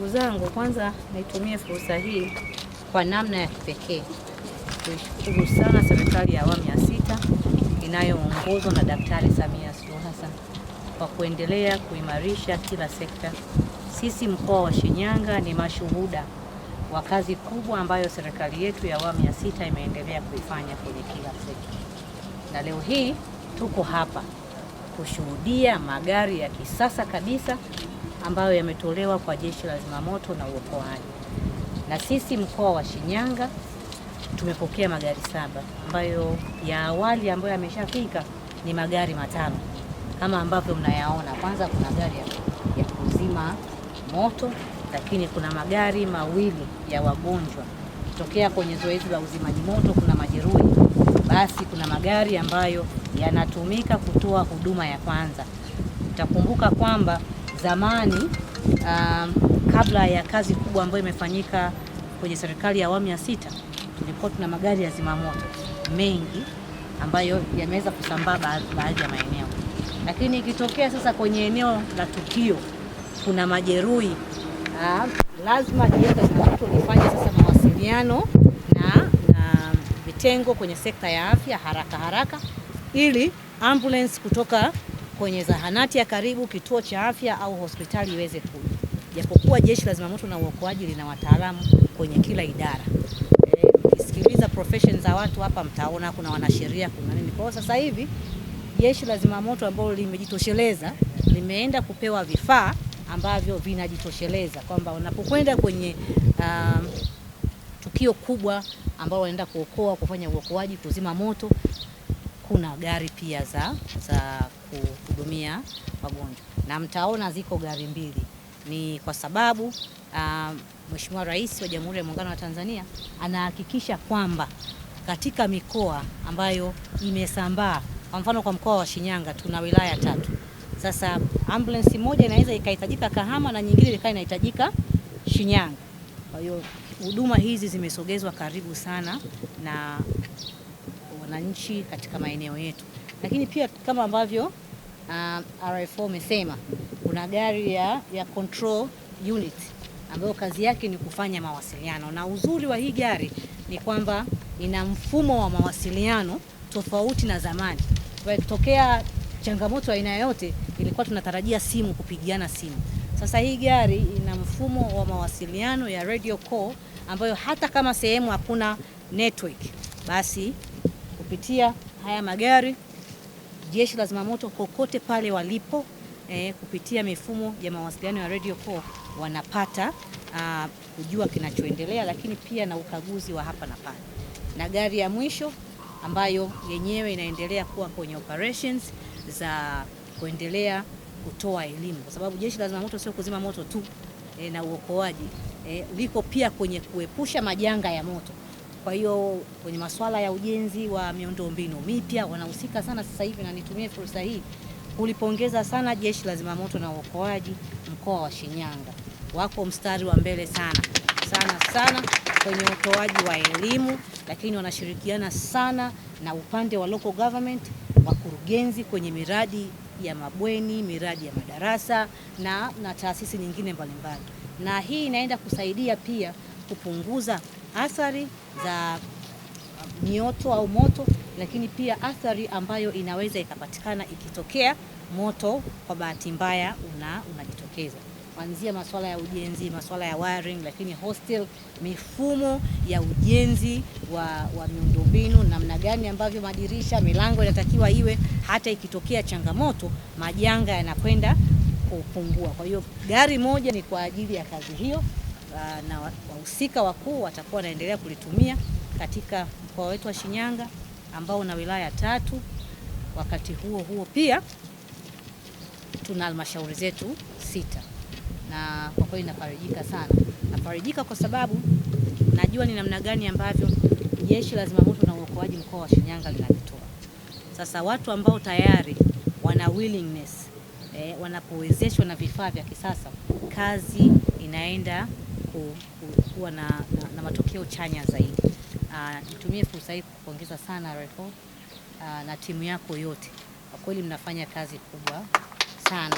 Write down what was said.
Ndugu zangu, kwanza nitumie fursa hii kwa namna ya kipekee kuishukuru sana serikali ya awamu ya sita inayoongozwa na Daktari Samia Suluhu Hassan kwa kuendelea kuimarisha kila sekta. Sisi mkoa wa Shinyanga ni mashuhuda wa kazi kubwa ambayo serikali yetu ya awamu ya sita imeendelea kuifanya kwenye kila sekta, na leo hii tuko hapa kushuhudia magari ya kisasa kabisa ambayo yametolewa kwa jeshi la zimamoto na uokoaji. Na sisi mkoa wa Shinyanga tumepokea magari saba ambayo ya awali ambayo yameshafika ni magari matano kama ambavyo mnayaona. Kwanza kuna gari ya, ya kuzima moto, lakini kuna magari mawili ya wagonjwa tokea kwenye zoezi la uzimaji moto, kuna majeruhi, basi kuna magari ambayo yanatumika kutoa huduma ya kwanza. Utakumbuka kwamba zamani um, kabla ya kazi kubwa ambayo imefanyika kwenye serikali ya awamu ya sita, tulikuwa tuna magari ya zimamoto mengi ambayo yameweza kusambaa baadhi ya maeneo, lakini ikitokea sasa kwenye eneo la tukio kuna majeruhi uh, lazima jeshi lifanye sasa mawasiliano na, na vitengo kwenye sekta ya afya haraka haraka ili ambulance kutoka kwenye zahanati ya karibu, kituo cha afya au hospitali iweze kuja, japokuwa jeshi la zimamoto na uokoaji lina wataalamu kwenye kila idara. Mkisikiliza eh, e, profession za watu hapa mtaona kuna wanasheria, kuna nini. Kwa sasa hivi jeshi la zimamoto ambalo limejitosheleza limeenda kupewa vifaa ambavyo vinajitosheleza kwamba unapokwenda kwenye um, tukio kubwa ambao wanaenda kuokoa, kufanya uokoaji, kuzima moto kuna gari pia za, za kuhudumia wagonjwa na mtaona ziko gari mbili. Ni kwa sababu uh, Mheshimiwa Rais wa Jamhuri ya Muungano wa Tanzania anahakikisha kwamba katika mikoa ambayo imesambaa, kwa mfano kwa mkoa wa Shinyanga tuna wilaya tatu. Sasa ambulance moja inaweza ikahitajika Kahama na nyingine ikawa inahitajika Shinyanga. Kwa hiyo huduma hizi zimesogezwa karibu sana na wananchi katika maeneo yetu, lakini pia kama ambavyo uh, um, RFO amesema kuna gari ya, ya control unit ambayo kazi yake ni kufanya mawasiliano, na uzuri wa hii gari ni kwamba ina mfumo wa mawasiliano tofauti na zamani. Kwa changamoto aina yoyote, ilikuwa tunatarajia simu kupigiana simu. Sasa hii gari ina mfumo wa mawasiliano ya radio call ambayo hata kama sehemu hakuna network basi kupitia haya magari, jeshi la zimamoto kokote pale walipo eh, kupitia mifumo ya mawasiliano ya Radio 4 wanapata uh, kujua kinachoendelea, lakini pia na ukaguzi wa hapa na pale, na gari ya mwisho ambayo yenyewe inaendelea kuwa kwenye operations za kuendelea kutoa elimu, kwa sababu jeshi la zimamoto sio kuzima moto tu eh, na uokoaji eh, liko pia kwenye kuepusha majanga ya moto. Kwa hiyo kwenye masuala ya ujenzi wa miundombinu mipya wanahusika sana sasa hivi, na nitumie fursa hii kulipongeza sana Jeshi la Zimamoto na Uokoaji mkoa wa Shinyanga, wako mstari wa mbele sana sana sana kwenye utoaji wa elimu, lakini wanashirikiana sana na upande wa local government, wakurugenzi kwenye miradi ya mabweni, miradi ya madarasa na, na taasisi nyingine mbalimbali, na hii inaenda kusaidia pia kupunguza athari za mioto au moto, lakini pia athari ambayo inaweza ikapatikana ikitokea moto kwa bahati mbaya una, unajitokeza kuanzia masuala ya ujenzi, masuala ya wiring, lakini hostel, mifumo ya ujenzi wa, wa miundombinu, namna gani ambavyo madirisha, milango inatakiwa iwe, hata ikitokea changamoto, majanga yanakwenda kupungua. Kwa hiyo gari moja ni kwa ajili ya kazi hiyo. Uh, na wahusika wakuu watakuwa wanaendelea kulitumia katika mkoa wetu wa Shinyanga ambao una wilaya tatu. Wakati huo huo pia tuna halmashauri zetu sita, na kwa kweli nafarijika sana. Nafarijika kwa sababu najua ni namna gani ambavyo jeshi la zimamoto na uokoaji mkoa wa Shinyanga linavitoa. Sasa watu ambao tayari wana willingness eh, wanapowezeshwa na vifaa vya kisasa kazi inaenda ku, ku, kuwa na, na, na matokeo chanya zaidi. Ah, nitumie fursa hii kupongeza sana uh, na timu yako yote, kwa kweli mnafanya kazi kubwa sana.